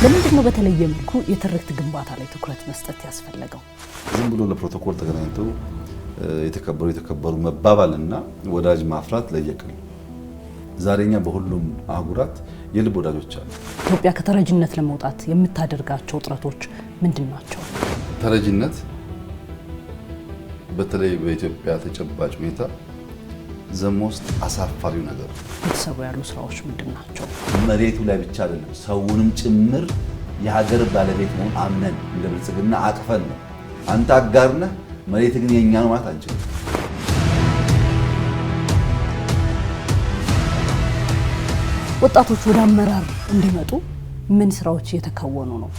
ለምንድን ነው በተለየ መልኩ የትርክት ግንባታ ላይ ትኩረት መስጠት ያስፈለገው? ዝም ብሎ ለፕሮቶኮል ተገናኝተው የተከበሩ የተከበሩ መባባልና ወዳጅ ማፍራት ለየቅል ዛሬኛ በሁሉም አህጉራት የልብ ወዳጆች አሉ። ኢትዮጵያ ከተረጅነት ለመውጣት የምታደርጋቸው ጥረቶች ምንድን ናቸው? ተረጅነት በተለይ በኢትዮጵያ ተጨባጭ ሁኔታ ዘሞስት አሳፋሪው ነገር የተሰሩ ያሉ ስራዎች ምንድን ናቸው? መሬቱ ላይ ብቻ አይደለም፣ ሰውንም ጭምር የሀገር ባለቤት መሆን አምነን እንደ ብልጽግና አቅፈን ነው። አንተ አጋር ነህ፣ መሬት ግን የእኛ ነው ማለት አንችልም። ወጣቶች ወደ አመራር እንዲመጡ ምን ስራዎች እየተከወኑ ነው?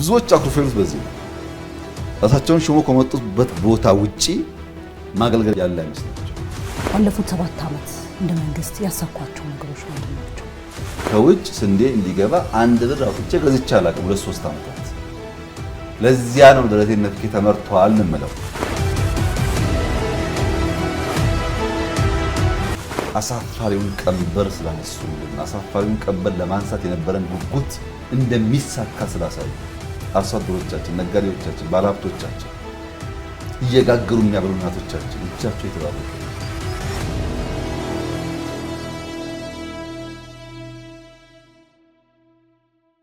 ብዙዎች አኩርፌሉት በዚህ ራሳቸውን ሾሞ ከመጡበት ቦታ ውጪ ማገልገል ያለ አይመስልም። ባለፉት ሰባት ዓመት እንደ መንግስት ያሳኳቸው ነገሮች ምንድን ናቸው? ከውጭ ስንዴ እንዲገባ አንድ ብር አውጥቼ ገዝቼ አላውቅም። ሁለት ሶስት ዓመታት ለዚያ ነው ደረቴን ነፍኬ ተመርቷል እንምለው። አሳፋሪውን ቀንበር ስላነሱልን፣ አሳፋሪውን ቀንበር ለማንሳት የነበረን ጉጉት እንደሚሳካ ስላሳዩ አርሶ አደሮቻችን፣ ነጋዴዎቻችን፣ ባለሀብቶቻችን እየጋገሩ የሚያበሉ እናቶቻችን እጃቸው የተባሉ